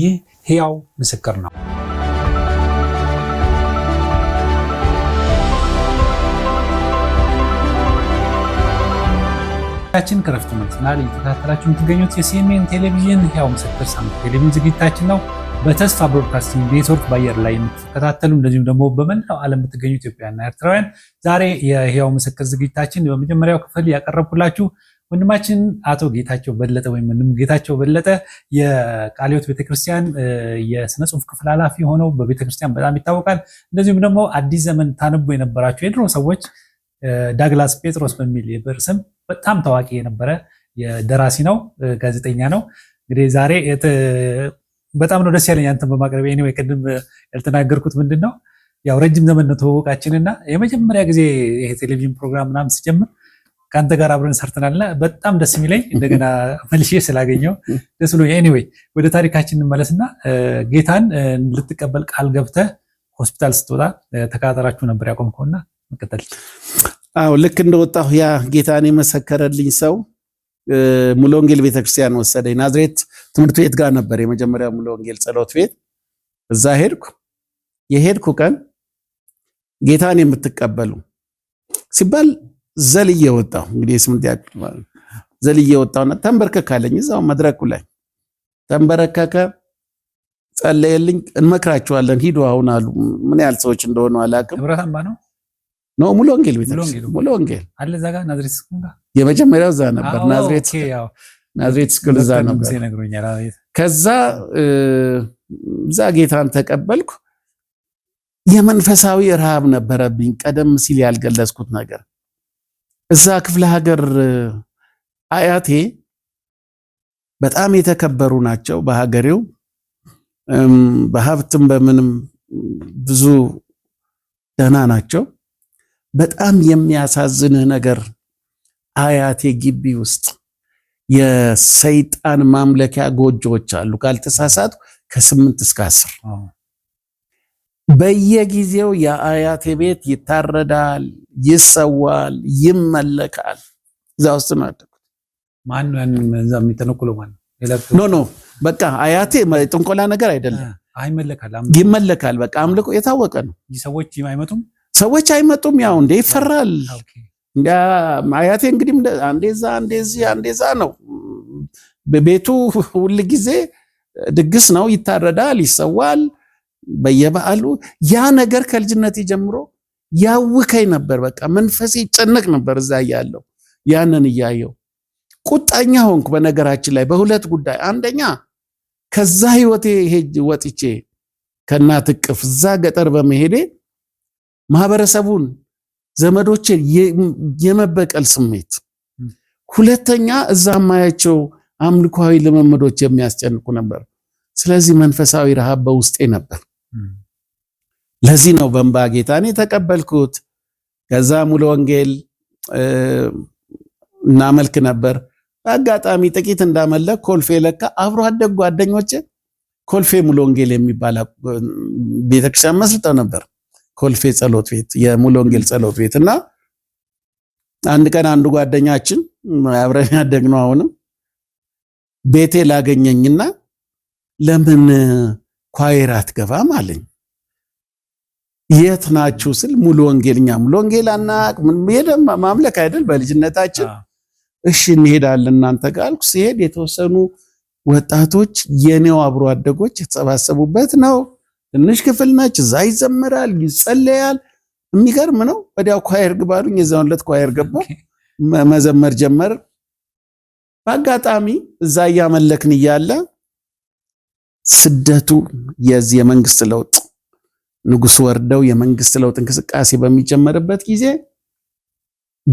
ይህ ሕያው ምስክር ነው። ችን ክረፍት መልስናል እየተከታተላችሁ የምትገኙት የሲኤምኤን ቴሌቪዥን ሕያው ምስክር ሳምንት ቴሌቪዥን ዝግጅታችን ነው። በተስፋ ብሮድካስቲንግ ኔትወርክ በአየር ላይ የምትከታተሉ እንደዚሁም ደግሞ በመላው ዓለም የምትገኙ ኢትዮጵያና ኤርትራውያን ዛሬ የሕያው ምስክር ዝግጅታችን በመጀመሪያው ክፍል ያቀረብኩላችሁ ወንድማችን አቶ ጌታቸው በለጠ ወይም ወንድም ጌታቸው በለጠ የቃልዮት ቤተክርስቲያን የስነ ጽሁፍ ክፍል ኃላፊ ሆነው በቤተክርስቲያን በጣም ይታወቃል። እንደዚሁም ደግሞ አዲስ ዘመን ታነቡ የነበራቸው የድሮ ሰዎች ዳግላስ ጴጥሮስ በሚል የብዕር ስም በጣም ታዋቂ የነበረ የደራሲ ነው፣ ጋዜጠኛ ነው። እንግዲህ ዛሬ በጣም ነው ደስ ያለኝ አንተን በማቅረብ ኒወይ ቅድም ያልተናገርኩት ምንድን ነው ያው ረጅም ዘመን ነው ተዋወቃችንና የመጀመሪያ ጊዜ ይሄ ቴሌቪዥን ፕሮግራም ምናምን ስጀምር ከአንተ ጋር አብረን ሰርተናልና በጣም ደስ የሚለኝ እንደገና መልሼ ስላገኘው ደስ ብሎ ኤኒዌይ፣ ወደ ታሪካችን እንመለስና ጌታን ልትቀበል ቃል ገብተህ ሆስፒታል ስትወጣ ተከታተላችሁ ነበር ያቆምከውና መቀጠል። አዎ ልክ እንደወጣሁ ያ ጌታን የመሰከረልኝ ሰው ሙሉ ወንጌል ቤተክርስቲያን ወሰደኝ። ናዝሬት ትምህርት ቤት ጋር ነበር የመጀመሪያ ሙሉ ወንጌል ጸሎት ቤት። እዛ ሄድኩ። የሄድኩ ቀን ጌታን የምትቀበሉ ሲባል ዘል እየወጣሁ እንግዲህ የስምንት ያክል ዘል እየወጣሁና ተንበርከካለኝ፣ አለኝ። እዛው መድረኩ ላይ ተንበረከከ፣ ጸለየልኝ። እንመክራቸዋለን ሂዱ አሁን አሉ። ምን ያህል ሰዎች እንደሆኑ አላውቅም። ነው ነው ሙሉ ወንጌል ቤተክርስቲያን ሙሉ ወንጌል አለ። እዛ ጋር ናዝሬት ስኩል የመጀመሪያው እዛ ነበር። ናዝሬት ናዝሬት ስኩል እዛ ነበር። ከዛ እዛ ጌታን ተቀበልኩ። የመንፈሳዊ ረሃብ ነበረብኝ። ቀደም ሲል ያልገለጽኩት ነገር እዛ ክፍለ ሀገር አያቴ በጣም የተከበሩ ናቸው። በሀገሬው በሀብትም በምንም ብዙ ደህና ናቸው። በጣም የሚያሳዝንህ ነገር አያቴ ግቢ ውስጥ የሰይጣን ማምለኪያ ጎጆዎች አሉ። ካልተሳሳቱ ከስምንት እስከ አስር በየጊዜው የአያቴ ቤት ይታረዳል፣ ይሰዋል፣ ይመለካል። እዛ ውስጥ ነው ያደኩት። ማነው የሚተነኩለው? ኖ ኖ በቃ አያቴ ጥንቆላ ነገር አይደለም። ይመለካል። በቃ አምልኮ የታወቀ ነው። ሰዎች አይመጡም፣ ሰዎች አይመጡም። ያው እንደ ይፈራል። አያቴ እንግዲህ አንዴዛ አንዴዚ አንዴዛ ነው። ቤቱ ሁል ጊዜ ድግስ ነው። ይታረዳል፣ ይሰዋል በየበዓሉ ያ ነገር ከልጅነት ጀምሮ ያውከኝ ነበር። በቃ መንፈሴ ይጨነቅ ነበር እዛ እያለሁ ያንን እያየው ቁጣኛ ሆንኩ። በነገራችን ላይ በሁለት ጉዳይ፣ አንደኛ ከዛ ህይወቴ ሄጅ ወጥቼ ከእናት እቅፍ እዛ ገጠር በመሄዴ ማህበረሰቡን፣ ዘመዶችን የመበቀል ስሜት፣ ሁለተኛ እዛ ማያቸው አምልኳዊ ልምምዶች የሚያስጨንቁ ነበር። ስለዚህ መንፈሳዊ ረሃብ በውስጤ ነበር። ለዚህ ነው በእንባ ጌታን የተቀበልኩት። ከዛ ሙሉ ወንጌል እናመልክ ነበር። በአጋጣሚ ጥቂት እንዳመለክ ኮልፌ ለካ አብሮ አደግ ጓደኞች ኮልፌ ሙሉ ወንጌል የሚባል ቤተክርስቲያን መስልጠው ነበር። ኮልፌ ጸሎት ቤት፣ የሙሉ ወንጌል ጸሎት ቤት እና አንድ ቀን አንዱ ጓደኛችን አብረን ያደግነው አሁንም ቤቴ ላገኘኝና ለምን ኳይር አትገባም አለኝ። የት ናችሁ ስል ሙሉ ወንጌልኛ ሙሉ ወንጌል አናቅ ሄደን ማምለክ አይደል በልጅነታችን። እሺ እንሄዳለን እናንተ ጋር አልኩ። ሲሄድ የተወሰኑ ወጣቶች የኔው አብሮ አደጎች የተሰባሰቡበት ነው። ትንሽ ክፍል ነች። እዛ ይዘምራል፣ ይጸለያል። የሚገርም ነው። ወዲያው ኳየር ግባሉኝ። የዛን ዕለት ኳየር ገባሁ፣ መዘመር ጀመር። በአጋጣሚ እዛ እያመለክን እያለ ስደቱ የዚህ የመንግስት ለውጥ ንጉሥ ወርደው የመንግስት ለውጥ እንቅስቃሴ በሚጀመርበት ጊዜ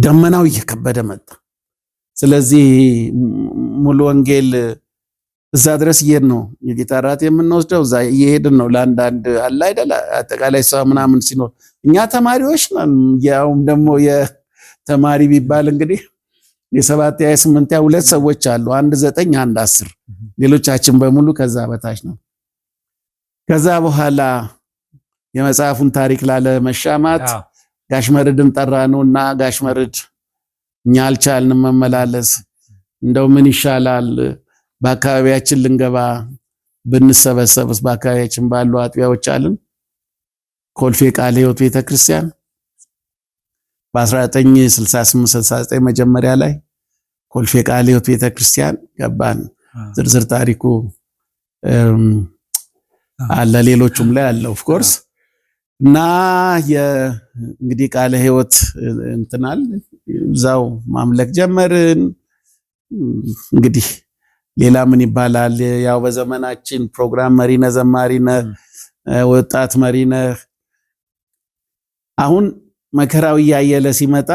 ደመናው እየከበደ መጣ። ስለዚህ ሙሉ ወንጌል እዛ ድረስ እየሄድ ነው የጌታ ራት የምንወስደው እዛ እየሄድን ነው። ለአንዳንድ አለ አይደለ አጠቃላይ ሰው ምናምን ሲኖር እኛ ተማሪዎች ነን። ያውም ደግሞ የተማሪ ቢባል እንግዲህ የሰባት ያ ስምንት ያ ሁለት ሰዎች አሉ፣ አንድ ዘጠኝ አንድ አስር ሌሎቻችን በሙሉ ከዛ በታች ነው። ከዛ በኋላ የመጽሐፉን ታሪክ ላለመሻማት ጋሽመርድም ጠራ ነው እና ጋሽመርድ እኛ አልቻልንም መመላለስ፣ እንደው ምን ይሻላል በአካባቢያችን ልንገባ ብንሰበሰብስ በአካባቢያችን ባሉ አጥቢያዎች አልን ኮልፌ ቃለ ሕይወት ቤተክርስቲያን በ1968/69 መጀመሪያ ላይ ኮልፌ ቃለ ሕይወት ቤተክርስቲያን ገባን። ዝርዝር ታሪኩ አለ ሌሎቹም ላይ አለ ኦፍ ኮርስ እና እንግዲህ ቃለ ሕይወት እንትናል እዛው ማምለክ ጀመርን። እንግዲህ ሌላ ምን ይባላል? ያው በዘመናችን ፕሮግራም መሪነ ዘማሪነ ወጣት መሪነ አሁን መከራው እያየለ ሲመጣ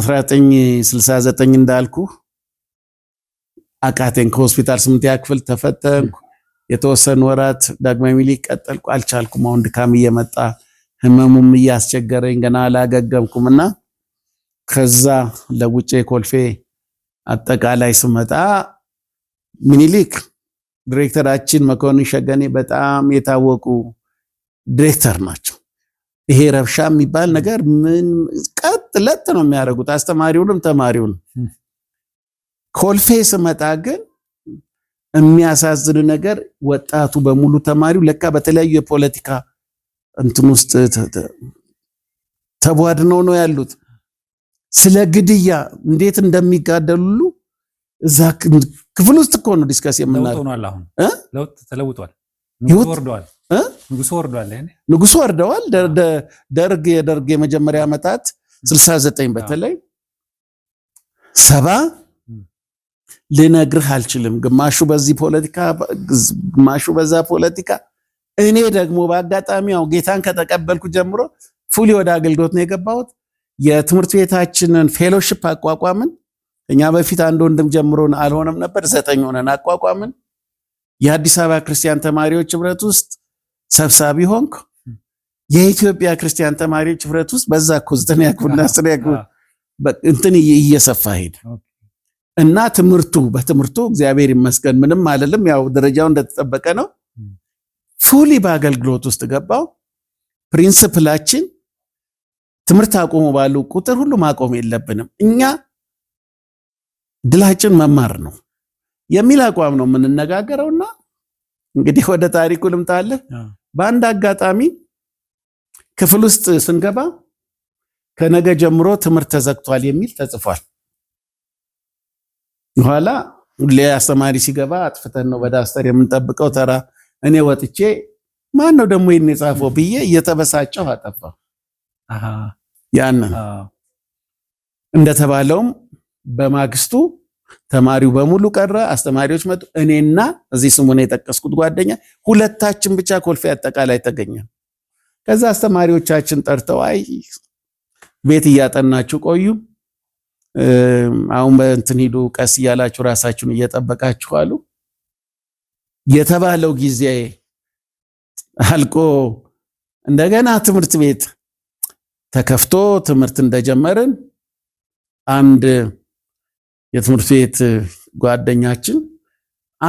1969 እንዳልኩ አቃቴን። ከሆስፒታል ስምንተኛ ክፍል ተፈተንኩ። የተወሰኑ ወራት ዳግማዊ ሚኒሊክ ቀጠልኩ። አልቻልኩም። አሁን ድካም እየመጣ ህመሙም እያስቸገረኝ ገና አላገገምኩም እና ከዛ ለውጬ ኮልፌ አጠቃላይ ስመጣ ሚኒሊክ ዲሬክተራችን መኮንን ሸገኔ በጣም የታወቁ ዲሬክተር ናቸው። ይሄ ረብሻ የሚባል ነገር ምን ቀጥ ለጥ ነው የሚያደርጉት፣ አስተማሪውንም ተማሪውንም። ኮልፌ ስመጣ ግን የሚያሳዝን ነገር ወጣቱ በሙሉ ተማሪው ለካ በተለያዩ የፖለቲካ እንትን ውስጥ ተቧድነው ነው ያሉት። ስለ ግድያ እንዴት እንደሚጋደሉ እዛ ክፍል ውስጥ እኮ ነው ዲስከስ የምናደርገው። ለውጥ ተለውጧል። ንጉሱ ወርደዋል። ንጉሱ ወርደዋል። ደርግ የደርግ የመጀመሪያ ዓመታት 69 በተለይ ሰባ ልነግርህ አልችልም። ግማሹ በዚህ ፖለቲካ፣ ግማሹ በዛ ፖለቲካ። እኔ ደግሞ በአጋጣሚ ያው ጌታን ከተቀበልኩ ጀምሮ ፉሊ ወደ አገልግሎት ነው የገባሁት። የትምህርት ቤታችንን ፌሎሽፕ አቋቋምን። እኛ በፊት አንድ ወንድም ጀምሮን አልሆነም ነበር፣ ዘጠኝ ሆነን አቋቋምን። የአዲስ አበባ ክርስቲያን ተማሪዎች ህብረት ውስጥ ሰብሳቢ ሆንክ። የኢትዮጵያ ክርስቲያን ተማሪዎች ህብረት ውስጥ በዛ እኮ ዘጠነኛ ክፍልና አስረኛ ክፍል እንትን እየሰፋ ሄድ እና ትምህርቱ በትምህርቱ እግዚአብሔር ይመስገን ምንም አልልም፣ ያው ደረጃው እንደተጠበቀ ነው። ፉሊ በአገልግሎት ውስጥ ገባው። ፕሪንስፕላችን ትምህርት አቆሙ ባሉ ቁጥር ሁሉ ማቆም የለብንም እኛ ድላችን መማር ነው የሚል አቋም ነው የምንነጋገረውና እንግዲህ ወደ ታሪኩ ልምጣለህ። በአንድ አጋጣሚ ክፍል ውስጥ ስንገባ ከነገ ጀምሮ ትምህርት ተዘግቷል የሚል ተጽፏል። ኋላ ሁሌ አስተማሪ ሲገባ አጥፍተን ነው በዳስተር የምንጠብቀው ተራ። እኔ ወጥቼ ማን ነው ደግሞ ይህን የጻፈው ብዬ እየተበሳጨው አጠፋ። ያንን እንደተባለውም በማግስቱ ተማሪው በሙሉ ቀረ። አስተማሪዎች መጡ። እኔና እዚህ ስሙን የጠቀስኩት ጓደኛ ሁለታችን ብቻ ኮልፌ አጠቃላይ ተገኘ። ከዛ አስተማሪዎቻችን ጠርተው አይ ቤት እያጠናችሁ ቆዩ አሁን በእንትን ሂዱ ቀስ እያላችሁ ራሳችሁን እየጠበቃችሁ አሉ የተባለው ጊዜ አልቆ እንደገና ትምህርት ቤት ተከፍቶ ትምህርት እንደጀመርን አንድ የትምህርት ቤት ጓደኛችን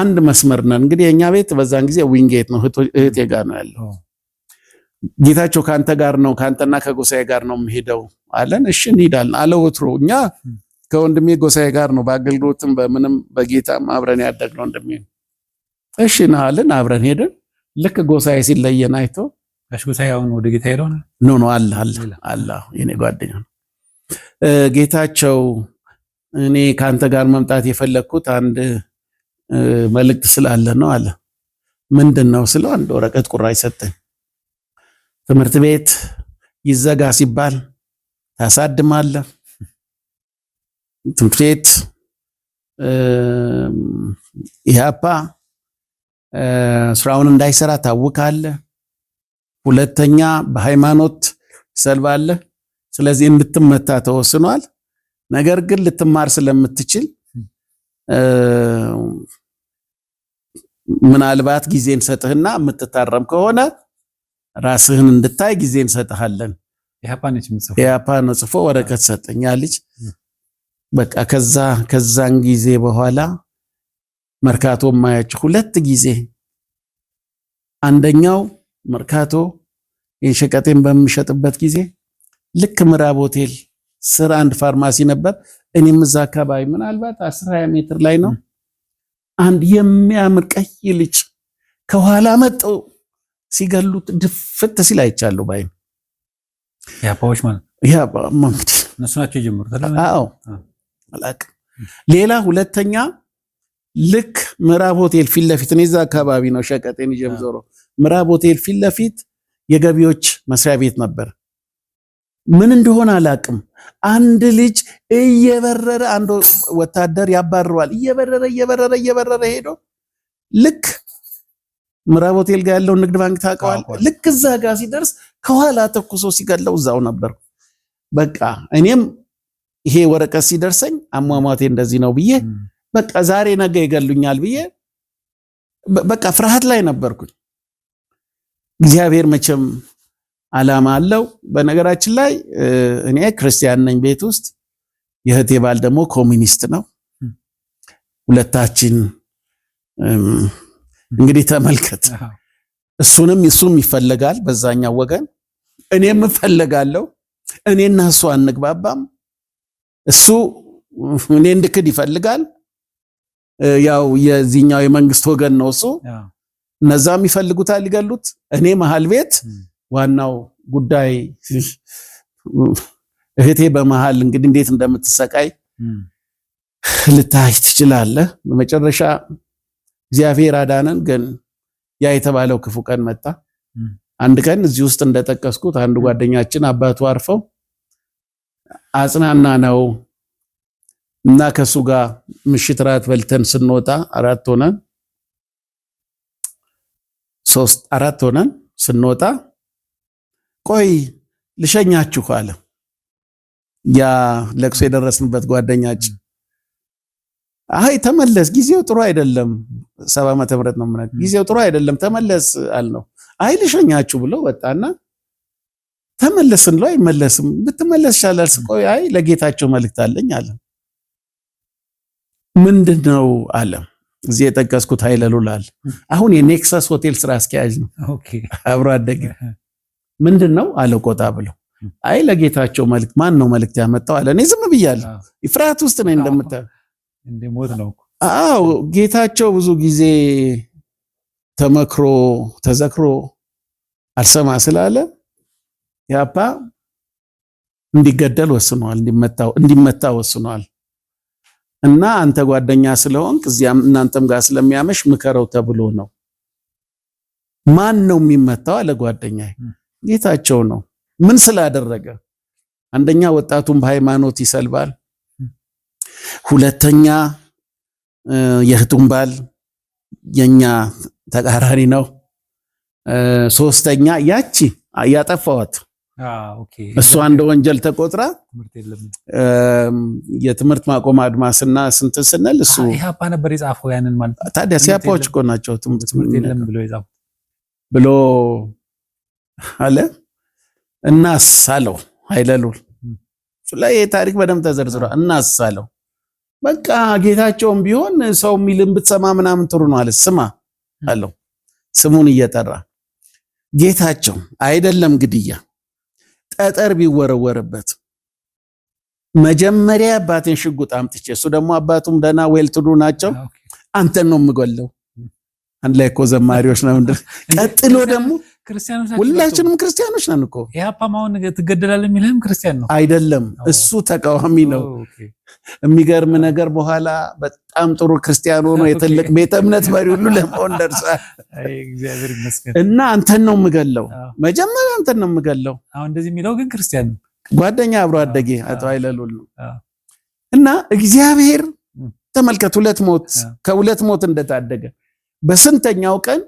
አንድ መስመር ነን እንግዲህ የኛ ቤት በዛን ጊዜ ዊንጌት ነው እህቴ ጋር ነው ያለው ጌታቸው ከአንተ ጋር ነው ከአንተና ከጎሳዬ ጋር ነው የምሄደው አለን። እሺ እንሄዳለን አለ። ወትሮ እኛ ከወንድሜ ጎሳዬ ጋር ነው በአገልግሎትም በምንም በጌታም አብረን ያደግነው ወንድሜ ነው። እሺ ነህ አብረን ሄደን ልክ ጎሳዬ ሲለየን አይቶ ጎሳዬ አሁን ወደ ጌታ ሄደው ኖ ኖ አለ አለ አለ የኔ ጓደኛ ነው ጌታቸው። እኔ ከአንተ ጋር መምጣት የፈለግኩት አንድ መልእክት ስላለ ነው አለ። ምንድን ነው ስለው አንድ ወረቀት ቁራጭ ሰጠኝ። ትምህርት ቤት ይዘጋ ሲባል ታሳድማለህ። ትምህርት ቤት ኢህአፓ ስራውን እንዳይሰራ ታውቃለ ሁለተኛ በሃይማኖት ሰልባለ። ስለዚህ እንድትመታ ተወስኗል። ነገር ግን ልትማር ስለምትችል ምናልባት ጊዜን ሰጥህና የምትታረም ከሆነ ራስህን እንድታይ ጊዜ እንሰጥሃለን። ኢህአፓ ነው ጽፎ ወረቀት ሰጠኛ ልጅ በቃ ከዛ ከዛን ጊዜ በኋላ መርካቶ ማያችሁ ሁለት ጊዜ አንደኛው መርካቶ የሸቀጤን በሚሸጥበት ጊዜ ልክ ምዕራብ ሆቴል ስር አንድ ፋርማሲ ነበር። እኔም እዛ አካባቢ ምናልባት አስር ሀያ ሜትር ላይ ነው። አንድ የሚያምር ቀይ ልጅ ከኋላ መጠው ሲገሉት ድፍት ሲል አይቻለሁ። ባይም ማለት እነሱ ናቸው የጀመሩት። ሌላ ሁለተኛ ልክ ምዕራብ ሆቴል ፊት ለፊት እኔ እዛ አካባቢ ነው ሸቀጤን ይዤም ዞሮ ምዕራብ ሆቴል ፊት ለፊት የገቢዎች መስሪያ ቤት ነበር። ምን እንደሆነ አላቅም። አንድ ልጅ እየበረረ አንድ ወታደር ያባርረዋል። እየበረረ እየበረረ እየበረረ ሄዶ ልክ ምዕራብ ሆቴል ጋር ያለውን ንግድ ባንክ ታውቀዋል። ልክ እዛ ጋር ሲደርስ ከኋላ ተኩሶ ሲገለው እዛው ነበር። በቃ እኔም ይሄ ወረቀት ሲደርሰኝ አሟሟቴ እንደዚህ ነው ብዬ በቃ ዛሬ ነገ ይገሉኛል ብዬ በቃ ፍርሃት ላይ ነበርኩኝ። እግዚአብሔር መቼም ዓላማ አለው። በነገራችን ላይ እኔ ክርስቲያን ነኝ። ቤት ውስጥ የእህቴ ባል ደግሞ ኮሚኒስት ነው። ሁለታችን እንግዲህ ተመልከት። እሱንም እሱም ይፈለጋል በዛኛው ወገን፣ እኔም እፈለጋለሁ። እኔና እሱ አንግባባም። እሱ እኔ እንድክድ ይፈልጋል። ያው የዚህኛው የመንግስት ወገን ነው እሱ። እነዛም ይፈልጉታል ሊገሉት፣ እኔ መሀል ቤት ዋናው ጉዳይ እህቴ በመሃል እንግዲህ እንዴት እንደምትሰቃይ ልታይ ትችላለህ በመጨረሻ እግዚአብሔር አዳነን። ግን ያ የተባለው ክፉ ቀን መጣ። አንድ ቀን እዚህ ውስጥ እንደጠቀስኩት አንድ ጓደኛችን አባቱ አርፈው አጽናና ነው እና ከሱ ጋር ምሽት ራት በልተን ስንወጣ አራት ሆነን ሶስት አራት ሆነን ስንወጣ ቆይ ልሸኛችሁ አለ ያ ለቅሶ የደረስንበት ጓደኛችን አይ ተመለስ፣ ጊዜው ጥሩ አይደለም፣ ሰባ ዓመተ ምህረት ነው ምናምን ጊዜው ጥሩ አይደለም ተመለስ አልነው። አይ ልሸኛችሁ ብሎ ወጣና ተመለስ ስንለው አይመለስም። ብትመለስ ይሻላል። ቆይ አይ ለጌታቸው መልእክት አለኝ አለ። ምንድን ነው አለ። እዚህ የጠቀስኩት ኃይለ ሉላል አሁን የኔክሳስ ሆቴል ስራ አስኪያጅ ነው፣ አብሮ አደገ። ምንድን ነው አለ ቆጣ ብሎ። አይ ለጌታቸው መልእክት። ማን ነው መልእክት ያመጣው አለ። እኔ ዝም ብያለሁ፣ ፍርሃት ውስጥ ነኝ እንደምታየው አዎ ጌታቸው ብዙ ጊዜ ተመክሮ ተዘክሮ አልሰማ ስላለ ያፓ እንዲገደል ወስኗል። እንዲመታ ወስኗል። እና አንተ ጓደኛ ስለሆንክ እዚያም እናንተም ጋር ስለሚያመሽ ምከረው ተብሎ ነው። ማን ነው የሚመታው? አለ ጓደኛ። ጌታቸው ነው። ምን ስላደረገ? አንደኛ ወጣቱን በሃይማኖት ይሰልባል። ሁለተኛ የህቱም ባል የኛ ተቃራኒ ነው። ሶስተኛ ያቺ ያጠፋዋት እሷ እንደ ወንጀል ተቆጥራ የትምህርት ማቆም አድማስና ስንት ስንል እሱ ኢህአፓ ነበር የጻፈው ያንን ማለት ታዲያ ሲያፓዎች እኮ ናቸው ትምህርት ብሎ አለ። እናስ አለው ኃይለሉል ላይ ታሪክ በደንብ ተዘርዝሯል። እናስ አለው በቃ ጌታቸውም ቢሆን ሰው የሚልን ብትሰማ ምናምን ጥሩ ነው አለ። ስማ አለው ስሙን እየጠራ ጌታቸው አይደለም ግድያ፣ ጠጠር ቢወረወርበት መጀመሪያ አባቴን ሽጉጥ አምጥቼ እሱ ደግሞ አባቱም ደና ዌልትዱ ናቸው። አንተን ነው የምገለው። አንድ ላይ እኮ ዘማሪዎች ነው። ቀጥሎ ደግሞ ሁላችንም ክርስቲያኖች ነን እኮ ያፓማውን አሁን ትገደላል የሚልህም ክርስቲያን ነው አይደለም፣ እሱ ተቃዋሚ ነው። የሚገርም ነገር በኋላ በጣም ጥሩ ክርስቲያን ሆኖ የትልቅ ቤተ እምነት መሪ ሁሉ ለመሆን ደርሷል። እና አንተን ነው የምገለው፣ መጀመሪያ አንተን ነው የምገለው። አሁን እንደዚህ የሚለው ግን ክርስቲያን ነው። ጓደኛ አብሮ አደጌ አቶ አይለሉል ነው እና እግዚአብሔር ተመልከት፣ ሁለት ሞት ከሁለት ሞት እንደታደገ በስንተኛው ቀን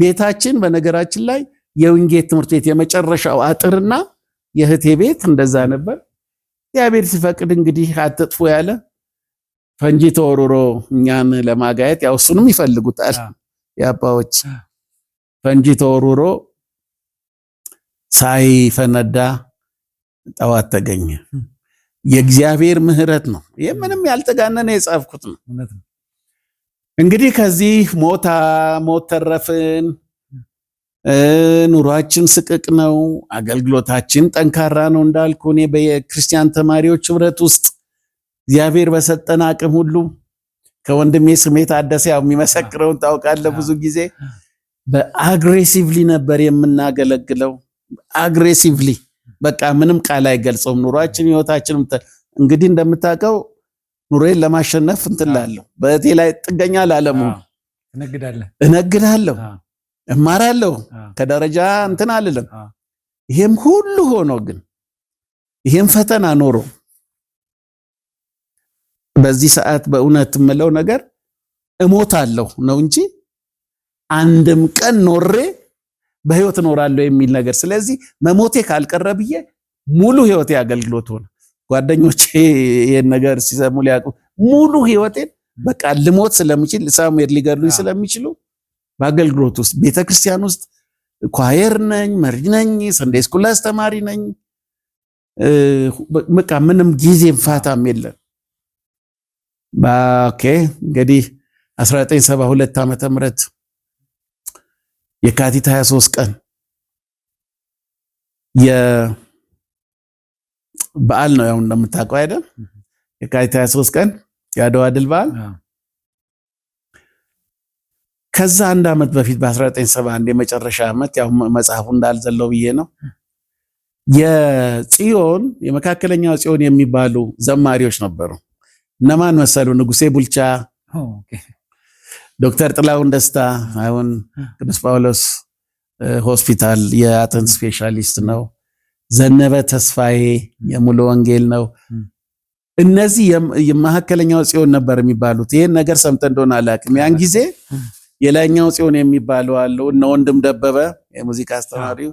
ቤታችን በነገራችን ላይ የውንጌት ትምህርት ቤት የመጨረሻው አጥርና የእህቴ ቤት እንደዛ ነበር። እግዚአብሔር ሲፈቅድ እንግዲህ አትጥፉ ያለ ፈንጂ ተወርሮ እኛን ለማጋየት ያው እሱንም ይፈልጉታል የአባዎች ፈንጂ ተወርሮ ሳይፈነዳ ጠዋት ተገኘ። የእግዚአብሔር ምሕረት ነው። ይህ ምንም ያልተጋነነ የጻፍኩት ነው። እንግዲህ ከዚህ ሞታ ሞት ተረፍን። ኑሯችን ስቅቅ ነው፣ አገልግሎታችን ጠንካራ ነው። እንዳልኩ እኔ በክርስቲያን ተማሪዎች ህብረት ውስጥ እግዚአብሔር በሰጠን አቅም ሁሉ ከወንድሜ ስሜት አደሰ ያው የሚመሰክረውን ታውቃለህ። ብዙ ጊዜ በአግሬሲቭሊ ነበር የምናገለግለው። አግሬሲቭሊ በቃ ምንም ቃል አይገልጸውም። ኑሯችን ህይወታችን እንግዲህ እንደምታውቀው ኑሮዬን ለማሸነፍ እንትን በእቴ ላይ ጥገኛ ላለሙ እነግዳለሁ፣ እማራለሁ፣ ከደረጃ እንትን አልልም። ይሄም ሁሉ ሆኖ ግን ይሄም ፈተና ኖሮ በዚህ ሰዓት በእውነት የምለው ነገር እሞታለሁ ነው እንጂ አንድም ቀን ኖሬ በህይወት እኖራለሁ የሚል ነገር። ስለዚህ መሞቴ ካልቀረ ብዬ ሙሉ ህይወቴ አገልግሎት ሆነ። ጓደኞቼ ይሄን ነገር ሲሰሙ ሊያውቁ ሙሉ ህይወቴን በቃ ልሞት ስለምችል ሳሙኤል ሊገሉኝ ስለሚችሉ በአገልግሎት ውስጥ ቤተክርስቲያን ውስጥ ኳየር ነኝ፣ መሪ ነኝ፣ ሰንዴ ስኩል አስተማሪ ነኝ። በቃ ምንም ጊዜም ፋታም የለም። ኦኬ እንግዲህ 1972 ዓመተ ምህረት የካቲት 23 ቀን በዓል ነው ያው እንደምታውቀው አይደል? የካቲት 23 ቀን የአድዋ ድል በዓል። ከዛ አንድ ዓመት በፊት በ1971 የመጨረሻ ዓመት ያው መጽሐፉ እንዳልዘለው ብዬ ነው የጽዮን የመካከለኛው ጽዮን የሚባሉ ዘማሪዎች ነበሩ። እነማን መሰሉ? ንጉሴ ቡልቻ፣ ዶክተር ጥላሁን ደስታ አሁን ቅዱስ ጳውሎስ ሆስፒታል የአጥንት ስፔሻሊስት ነው። ዘነበ ተስፋዬ የሙሉ ወንጌል ነው። እነዚህ የመሀከለኛው ጽዮን ነበር የሚባሉት። ይህን ነገር ሰምተ እንደሆነ አላውቅም። ያን ጊዜ የላይኛው ጽዮን የሚባሉ አሉ። እነ ወንድም ደበበ የሙዚቃ አስተማሪው፣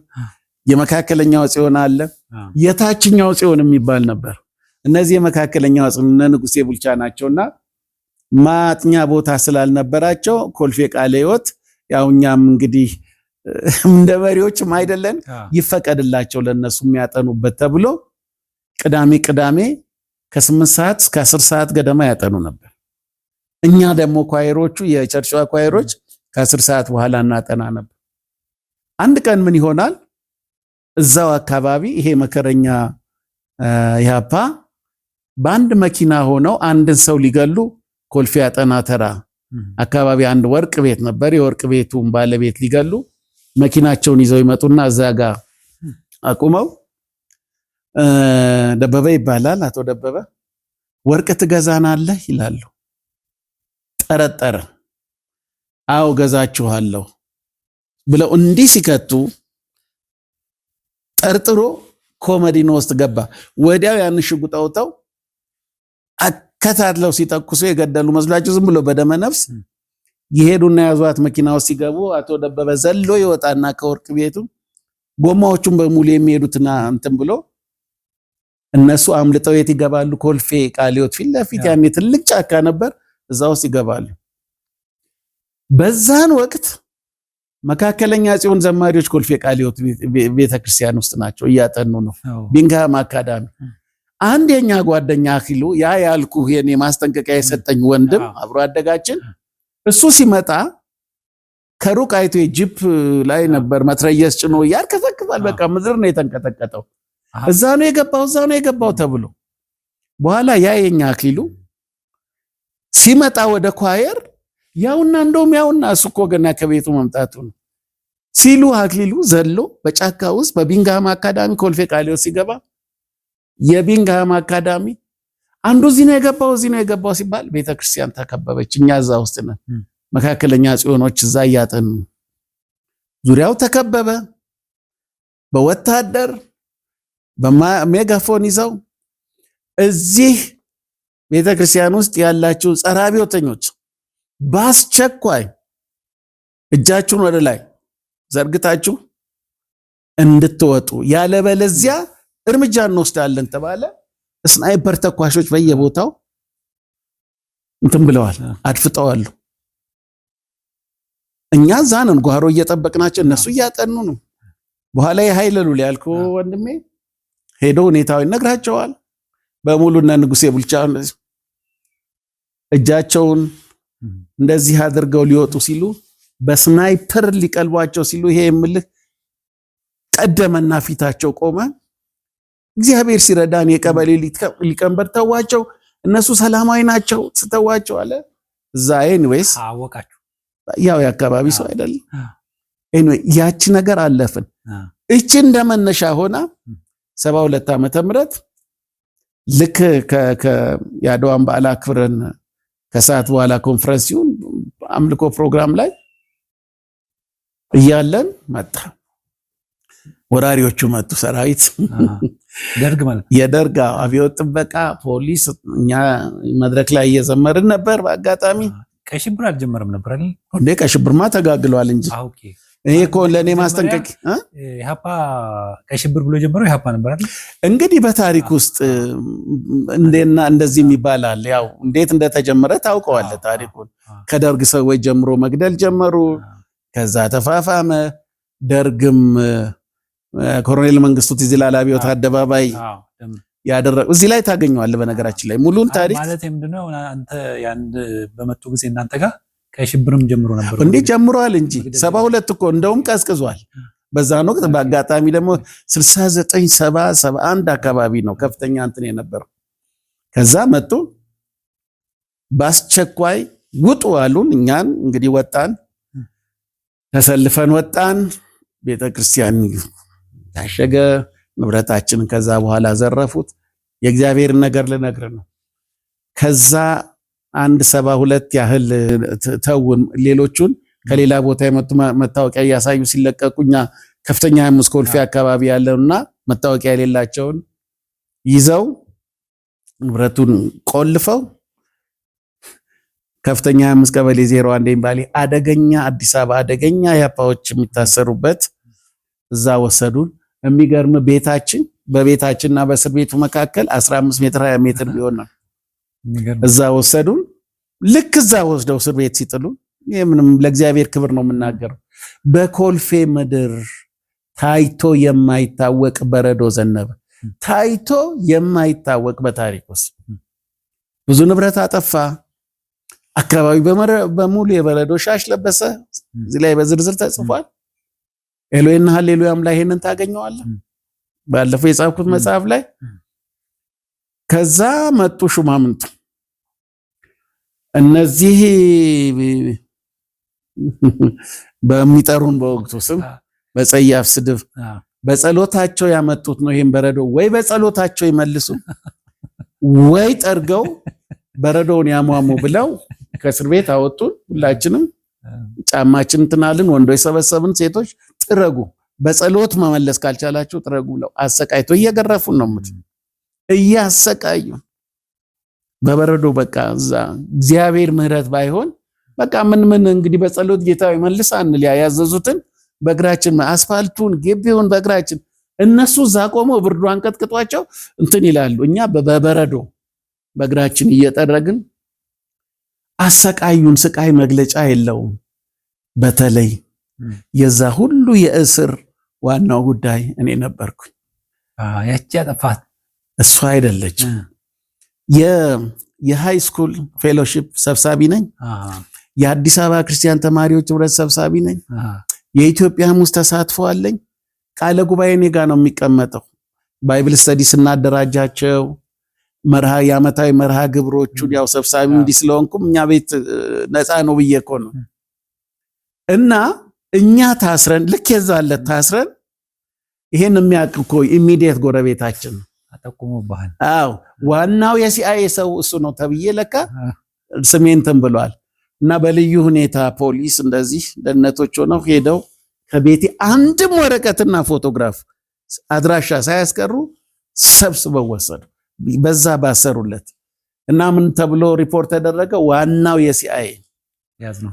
የመካከለኛው ጽዮን አለ፣ የታችኛው ጽዮን የሚባል ነበር። እነዚህ የመካከለኛው ጽዮን እነ ንጉሴ ቡልቻ ናቸውና ማጥኛ ቦታ ስላልነበራቸው ኮልፌ ቃለ ሕይወት ያው እኛም እንግዲህ እንደ መሪዎችም አይደለን ይፈቀድላቸው ለነሱ የሚያጠኑበት ተብሎ ቅዳሜ ቅዳሜ ከስምንት ሰዓት እስከ አስር ሰዓት ገደማ ያጠኑ ነበር። እኛ ደግሞ ኳይሮቹ የቸርች ኳይሮች ከአስር ሰዓት በኋላ እናጠና ነበር። አንድ ቀን ምን ይሆናል እዛው አካባቢ ይሄ መከረኛ ያፓ በአንድ መኪና ሆነው አንድን ሰው ሊገሉ ኮልፌ ያጠና ተራ አካባቢ አንድ ወርቅ ቤት ነበር። የወርቅ ቤቱን ባለቤት ሊገሉ መኪናቸውን ይዘው ይመጡና እዛ ጋር አቁመው ደበበ ይባላል አቶ ደበበ ወርቅ ትገዛናለህ ይላሉ። ጠረጠረ። አዎ ገዛችኋለሁ ብለው እንዲህ ሲከቱ ጠርጥሮ ኮመዲኖ ውስጥ ገባ። ወዲያው ያን ሽጉጥ አውጥተው አከታትለው ሲጠቁሱ የገደሉ መስሏቸው ዝም ብሎ በደመ ነፍስ የሄዱና ያዟት መኪና ውስጥ ሲገቡ አቶ ደበበ ዘሎ ይወጣና ከወርቅ ቤቱ ጎማዎቹን በሙሉ የሚሄዱትና እንትን ብሎ እነሱ አምልጠው የት ይገባሉ? ኮልፌ ቃሊዮት ፊት ለፊት ያኔ ትልቅ ጫካ ነበር። እዛ ውስጥ ይገባሉ። በዛን ወቅት መካከለኛ ጽዮን ዘማሪዎች ኮልፌ ቃሊዮት ቤተክርስቲያን ውስጥ ናቸው፣ እያጠኑ ነው። ቢንግሃም አካዳሚ አንድ የኛ ጓደኛ አኪሉ ያ ያልኩ የኔ ማስጠንቀቂያ የሰጠኝ ወንድም አብሮ አደጋችን እሱ ሲመጣ ከሩቅ አይቶ የጂፕ ላይ ነበር መትረየስ ጭኖ ያርከፈክፋል። በቃ ምድር ነው የተንቀጠቀጠው። እዛ ነው የገባው፣ እዛ ነው የገባው ተብሎ በኋላ ያ የኛ አክሊሉ ሲመጣ ወደ ኳየር ያውና እንደውም ያውና እሱ እኮ ገና ከቤቱ መምጣቱ ነው ሲሉ አክሊሉ ዘሎ በጫካ ውስጥ በቢንግሃም አካዳሚ ኮልፌ ቃሊዮ ሲገባ የቢንግሃም አካዳሚ አንዱ እዚህ ነው የገባው እዚህ ነው የገባው ሲባል ቤተክርስቲያን ተከበበች። እኛ እዛ ውስጥ ነን። መካከለኛ ጽዮኖች እዛ እያጠኑ ዙሪያው ተከበበ በወታደር በሜጋፎን ይዘው። እዚህ ቤተክርስቲያን ውስጥ ያላችሁ ጸረ አብዮተኞች በአስቸኳይ እጃችሁን ወደ ላይ ዘርግታችሁ እንድትወጡ ያለበለዚያ እርምጃ እንወስዳለን ተባለ። ስናይፐር ተኳሾች በየቦታው እንትን ብለዋል፣ አድፍጠዋል። እኛ እዛ ነን ጓሮ እየጠበቅናቸው፣ እነሱ እያጠኑ ነው። በኋላ የሀይለ ሉል ያልኩ ወንድሜ ሄዶ ሁኔታው ይነግራቸዋል። በሙሉ በሙሉና ንጉሴ ብልቻ እጃቸውን እንደዚህ አድርገው ሊወጡ ሲሉ በስናይፐር ሊቀልቧቸው ሲሉ ይሄ የምልህ ቀደመና ፊታቸው ቆመ። እግዚአብሔር ሲረዳን የቀበሌ ሊቀመንበር ተዋቸው፣ እነሱ ሰላማዊ ናቸው ስተዋቸው አለ። እዛ ኤኒዌይስ አወቃችሁ፣ ያው የአካባቢ ሰው አይደለም። ኤኒዌይ ያቺ ነገር አለፍን። እቺ እንደመነሻ ሆና ሰባ ሁለት ዓመተ ምህረት ልክ የአድዋን በዓል አክብረን ከሰዓት በኋላ ኮንፈረንስ ሲሆን አምልኮ ፕሮግራም ላይ እያለን መጣ። ወራሪዎቹ መጡ። ሰራዊት ደርግ ማለት የደርግ አብዮት ጥበቃ ፖሊስ፣ እኛ መድረክ ላይ እየዘመርን ነበር። በአጋጣሚ ከሽብር አልጀመረም ነበር እንዴ? ቀይ ሽብርማ ተጋግሏል እንጂ ይሄ እኮ ለእኔ ማስጠንቀቅ ኢህአፓ ቀይ ብሎ ጀመረው ኢህአፓ ነበር አይደል? እንግዲህ በታሪክ ውስጥ እንዴና እንደዚህም ይባላል። ያው እንዴት እንደተጀመረ ታውቀዋለህ ታሪኩን። ከደርግ ሰዎች ጀምሮ መግደል ጀመሩ። ከዛ ተፋፋመ። ደርግም ኮሎኔል መንግስቱ ትዝ ይላል አደባባይ ያደረገው እዚህ ላይ ታገኘዋለህ። በነገራችን ላይ ሙሉን ታሪክ ማለት ምንድነው? አንተ ያን በመጡ ጊዜ እናንተ ጋር ከሽብርም ጀምሮ ነበር እንዴ? ጀምሯል እንጂ ሰባ ሁለት እኮ እንደውም ቀዝቅዟል። በዛን ወቅት በአጋጣሚ ደግሞ 69 70 71 አካባቢ ነው ከፍተኛ እንትን የነበረው። ከዛ መጡ በአስቸኳይ ውጡ አሉን። እኛን እንግዲህ ወጣን፣ ተሰልፈን ወጣን ቤተክርስቲያን ታሸገ ንብረታችን። ከዛ በኋላ ዘረፉት። የእግዚአብሔር ነገር ልነግር ነው። ከዛ አንድ ሰባ ሁለት ያህል ተውን ሌሎቹን ከሌላ ቦታ የመጡ መታወቂያ እያሳዩ ሲለቀቁ እኛ ከፍተኛ አምስት ኮልፌ አካባቢ ያለውና መታወቂያ የሌላቸውን ይዘው ንብረቱን ቆልፈው ከፍተኛ አምስት ቀበሌ ዜሮ አንድ አደገኛ አዲስ አበባ አደገኛ ያፓዎች የሚታሰሩበት እዛ ወሰዱን። የሚገርም ቤታችን በቤታችንና በእስር ቤቱ መካከል 15 ሜትር 20 ሜትር ቢሆን ነው። እዛ ወሰዱን። ልክ እዛ ወስደው እስር ቤት ሲጥሉ ምንም ለእግዚአብሔር ክብር ነው የምናገረው። በኮልፌ ምድር ታይቶ የማይታወቅ በረዶ ዘነበ። ታይቶ የማይታወቅ በታሪክ ውስጥ ብዙ ንብረት አጠፋ። አካባቢ በሙሉ የበረዶ ሻሽ ለበሰ። እዚህ ላይ በዝርዝር ተጽፏል። ኤሎሄና ሃሌሉያም ላይ ይሄንን ታገኘዋለህ። ባለፈው የጻፍኩት መጽሐፍ ላይ ከዛ መጡ ሹማምንቱ እነዚህ በሚጠሩን በወቅቱ ስም በጸያፍ ስድብ በጸሎታቸው ያመጡት ነው። ይህም በረዶ ወይ በጸሎታቸው ይመልሱ ወይ ጠርገው በረዶውን ያሟሙ ብለው ከእስር ቤት አወጡን። ሁላችንም ጫማችን ትናልን፣ ወንዶች ሰበሰብን፣ ሴቶች ጥረጉ፣ በጸሎት መመለስ ካልቻላችሁ ጥረጉ ብለው አሰቃይቶ እየገረፉን ነው ሙት እያሰቃዩ በበረዶ በቃ እዛ እግዚአብሔር ምሕረት ባይሆን በቃ ምን ምን እንግዲህ በጸሎት ጌታ መልስ አንል ያዘዙትን በእግራችን አስፋልቱን ግቢውን በእግራችን እነሱ እዛ ቆመው ብርዷን ቀጥቅጧቸው እንትን ይላሉ። እኛ በበረዶ በእግራችን እየጠረግን አሰቃዩን። ስቃይ መግለጫ የለውም በተለይ የዛ ሁሉ የእስር ዋናው ጉዳይ እኔ ነበርኩኝ። ያቺ ያጠፋት እሷ አይደለች። የሃይ ስኩል ፌሎሺፕ ሰብሳቢ ነኝ። የአዲስ አበባ ክርስቲያን ተማሪዎች ህብረት ሰብሳቢ ነኝ። የኢትዮጵያ ሙስ ተሳትፎ አለኝ። ቃለ ጉባኤ እኔ ጋ ነው የሚቀመጠው። ባይብል ስተዲ ስናደራጃቸው መርሃ የአመታዊ መርሃ ግብሮቹን ያው ሰብሳቢ እንዲህ ስለሆንኩም እኛ ቤት ነፃ ነው ብዬ እኮ ነው እና እኛ ታስረን ልክ የዛለት ታስረን ይሄን የሚያውቅ እኮ ኢሚዲየት ጎረቤታችን አጠቁሙብሃል። ዋናው የሲአይኤ ሰው እሱ ነው ተብዬ ለካ ስሜንትን ብሏል። እና በልዩ ሁኔታ ፖሊስ እንደዚህ ደህንነቶች ሆነው ሄደው ከቤቴ አንድም ወረቀትና ፎቶግራፍ አድራሻ ሳያስቀሩ ሰብስበው ወሰዱ። በዛ ባሰሩለት እና ምን ተብሎ ሪፖርት ተደረገ? ዋናው የሲአይኤ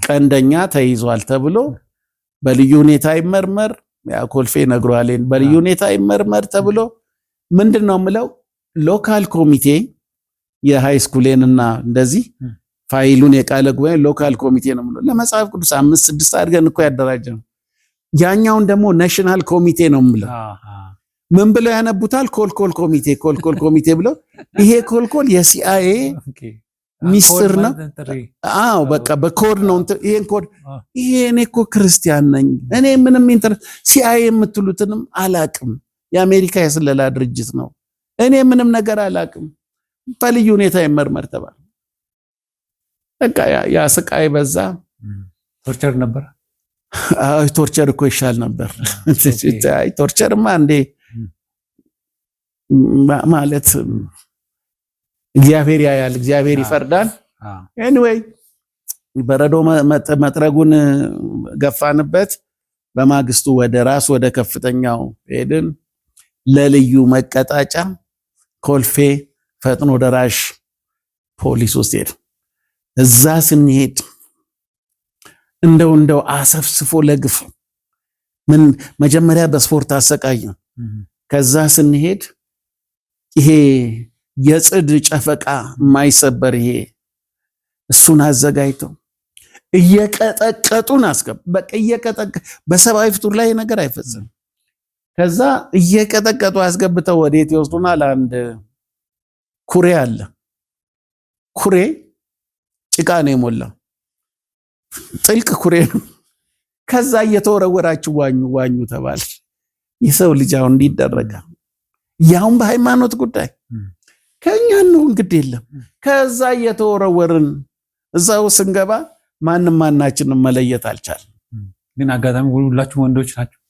ቀንደኛ ተይዟል ተብሎ በልዩ ሁኔታ ይመርመር። ያ ኮልፌ ነግሯል። በልዩ ሁኔታ ይመርመር ተብሎ ምንድን ነው የምለው ሎካል ኮሚቴ የሃይ ስኩሌን እንደዚህ ፋይሉን የቃለ ጉባኤ ሎካል ኮሚቴ ነው የምለው። ለመጽሐፍ ቅዱስ አምስት ስድስት አድርገን እኮ ያደራጀ ነው። ያኛውን ደግሞ ናሽናል ኮሚቴ ነው የምለው። ምን ብለው ያነቡታል? ኮልኮል ኮሚቴ ኮልኮል ኮሚቴ ብለው ይሄ ኮልኮል የሲአይኤ ሚስጥር ነው። አዎ በቃ በኮድ ነው። ይሄን ኮድ ይሄ እኔ እኮ ክርስቲያን ነኝ እኔ ምንም ኢንተር ሲአይ የምትሉትንም አላቅም። የአሜሪካ የስለላ ድርጅት ነው። እኔ ምንም ነገር አላቅም። በልዩ ሁኔታ ይመርመር ተባለ። በቃ ያ ስቃይ በዛ። ቶርቸር ነበር። አይ ቶርቸር እኮ ይሻል ነበር። አይ ቶርቸርማ እንዴ ማለት እግዚአብሔር ያያል፣ እግዚአብሔር ይፈርዳል። ኤኒዌይ በረዶ መጥረጉን ገፋንበት። በማግስቱ ወደ ራስ ወደ ከፍተኛው ሄድን። ለልዩ መቀጣጫ ኮልፌ ፈጥኖ ደራሽ ፖሊስ ውስጥ ሄድን። እዛ ስንሄድ እንደው እንደው አሰፍስፎ ለግፍ ምን መጀመሪያ በስፖርት አሰቃየን። ከዛ ስንሄድ ይሄ የጽድ ጨፈቃ ማይሰበር ይሄ እሱን አዘጋጅተው እየቀጠቀጡን አስገባ። በቃ እየቀጠቀ በሰብአዊ ፍጡር ላይ ነገር አይፈጽም። ከዛ እየቀጠቀጡ አስገብተው ወዴት ይወስዱናል? አንድ ኩሬ አለ። ኩሬ ጭቃ ነው የሞላው፣ ጥልቅ ኩሬ ነው። ከዛ እየተወረወራችሁ ዋኙ ዋኙ ተባለ። የሰው ልጅ አሁን እንዲደረጋ ያውም በሃይማኖት ጉዳይ ከእኛ እንሁን ግድ የለም። ከዛ እየተወረወርን እዛው ስንገባ ማንም ማናችንም መለየት አልቻልም። ግን አጋጣሚ ሁላችሁ ወንዶች ናቸው።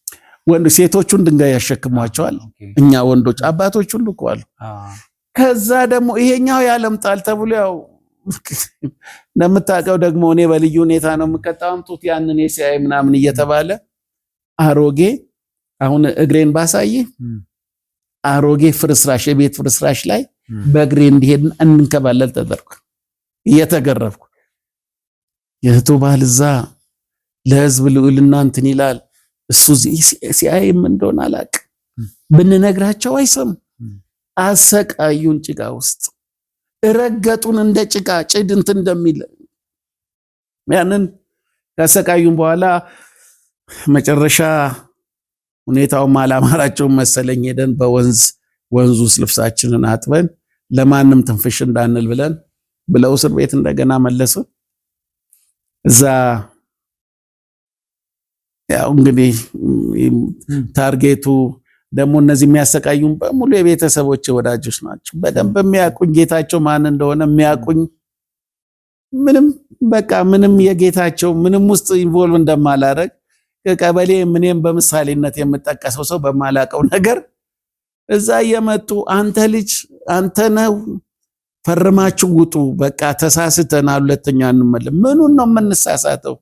ወንዶች ሴቶቹን ድንጋይ ያሸክሟቸዋል። እኛ ወንዶች አባቶች ሁሉ እኮ አሉ። ከዛ ደግሞ ይሄኛው ያለምጣል ተብሎ ያው እንደምታውቀው ደግሞ እኔ በልዩ ሁኔታ ነው የምቀጣው። አምጡት ያንን የሲያይ ምናምን እየተባለ አሮጌ አሁን እግሬን ባሳይ አሮጌ ፍርስራሽ የቤት ፍርስራሽ ላይ በእግሬ እንዲሄድ እንንከባለል ተደርኩ፣ እየተገረፍኩ የእህቱ ባል እዛ ለህዝብ ልዑልና እንትን ይላል። እሱ ሲያይም እንደሆነ አላቅ ብንነግራቸው አይሰሙ። አሰቃዩን ጭቃ ውስጥ እረገጡን እንደ ጭቃ ጭድ እንትን እንደሚል ያንን ያሰቃዩን በኋላ መጨረሻ ሁኔታውም አላማራቸውን መሰለኝ ሄደን በወንዝ ወንዙ ውስጥ ልብሳችንን አጥበን ለማንም ትንፍሽ እንዳንል ብለን ብለው እስር ቤት እንደገና መለሱ። እዛ ያው እንግዲህ ታርጌቱ ደግሞ እነዚህ የሚያሰቃዩን በሙሉ የቤተሰቦች ወዳጆች ናቸው። በደንብ የሚያውቁኝ ጌታቸው ማን እንደሆነ የሚያውቁኝ ምንም በቃ ምንም የጌታቸው ምንም ውስጥ ኢንቮልቭ እንደማላረግ ከቀበሌ ምንም በምሳሌነት የምጠቀሰው ሰው በማላቀው ነገር እዛ እየመጡ አንተ ልጅ አንተ ነው ፈርማችሁ ውጡ፣ በቃ ተሳስተናል፣ ሁለተኛ እንመለስ። ምኑን ነው የምንሳሳተው?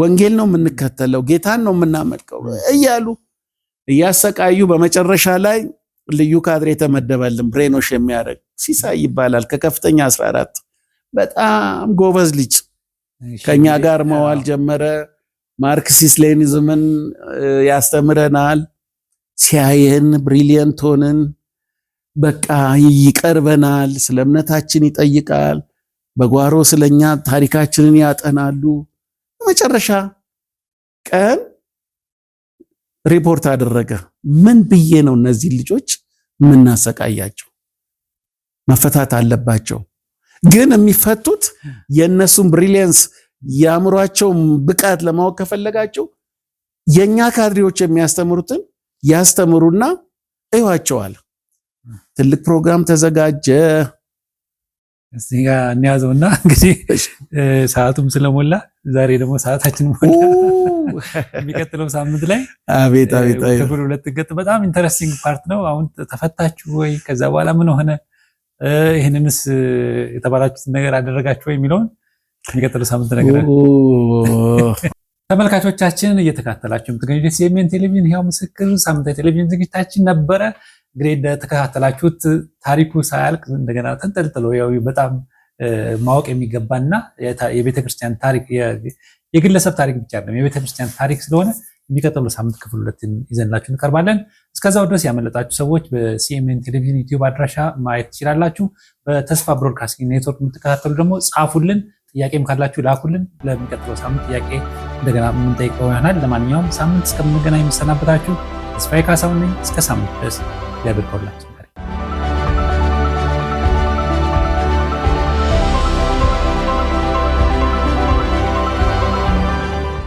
ወንጌል ነው የምንከተለው፣ ጌታን ነው የምናመልቀው እያሉ እያሰቃዩ በመጨረሻ ላይ ልዩ ካድሬ የተመደበልን ብሬኖሽ የሚያደርግ ሲሳይ ይባላል። ከከፍተኛ 14 በጣም ጎበዝ ልጅ ከኛ ጋር መዋል ጀመረ። ማርክሲስ ሌኒዝምን ያስተምረናል። ሲያየን ብሪሊየንት ሆንን፣ በቃ ይቀርበናል። ስለ እምነታችን ይጠይቃል። በጓሮ ስለኛ ታሪካችንን ያጠናሉ። በመጨረሻ ቀን ሪፖርት አደረገ። ምን ብዬ ነው እነዚህ ልጆች የምናሰቃያቸው? መፈታት አለባቸው። ግን የሚፈቱት የእነሱን ብሪሊየንስ የአእምሯቸውን ብቃት ለማወቅ ከፈለጋቸው የእኛ ካድሬዎች የሚያስተምሩትን ያስተምሩና እዩዋቸዋል። ትልቅ ፕሮግራም ተዘጋጀ። እዚህ ጋር እንያዘውና እንግዲህ ሰዓቱም ስለሞላ ዛሬ ደግሞ ሰዓታችን ሞላ። የሚቀጥለው ሳምንት ላይ አቤት አቤት ክፍል ሁለት ገጥ በጣም ኢንተረስቲንግ ፓርት ነው። አሁን ተፈታችሁ ወይ? ከዛ በኋላ ምን ሆነ? ይህንንስ የተባላችሁትን ነገር አደረጋችሁ ወይ የሚለውን የሚቀጥለው ሳምንት ነገር ተመልካቾቻችን እየተከታተላችሁ የምትገኙት የሲኤምኤን ቴሌቪዥን ህያው ምስክር ሳምንታዊ ቴሌቪዥን ዝግጅታችን ነበረ። እንግዲህ እንደተከታተላችሁት ታሪኩ ሳያልቅ እንደገና ተንጠልጥሎ ያው በጣም ማወቅ የሚገባና የቤተክርስቲያን ታሪክ የግለሰብ ታሪክ ብቻ አይደለም፣ የቤተክርስቲያን ታሪክ ስለሆነ የሚቀጥሉ ሳምንት ክፍል ሁለትን ይዘንላችሁ እንቀርባለን። እስከዛው ድረስ ያመለጣችሁ ሰዎች በሲኤምኤን ቴሌቪዥን ዩቲዩብ አድራሻ ማየት ትችላላችሁ። በተስፋ ብሮድካስቲንግ ኔትወርክ የምትከታተሉ ደግሞ ጻፉልን። ጥያቄም ካላችሁ ላኩልን። ለሚቀጥለው ሳምንት ጥያቄ እንደገና የምንጠይቀው ይሆናል። ለማንኛውም ሳምንት እስከምንገናኝ የምሰናበታችሁ ተስፋዬ ካሳሁን ነኝ። እስከ ሳምንት ድረስ ያብርኮላችሁ።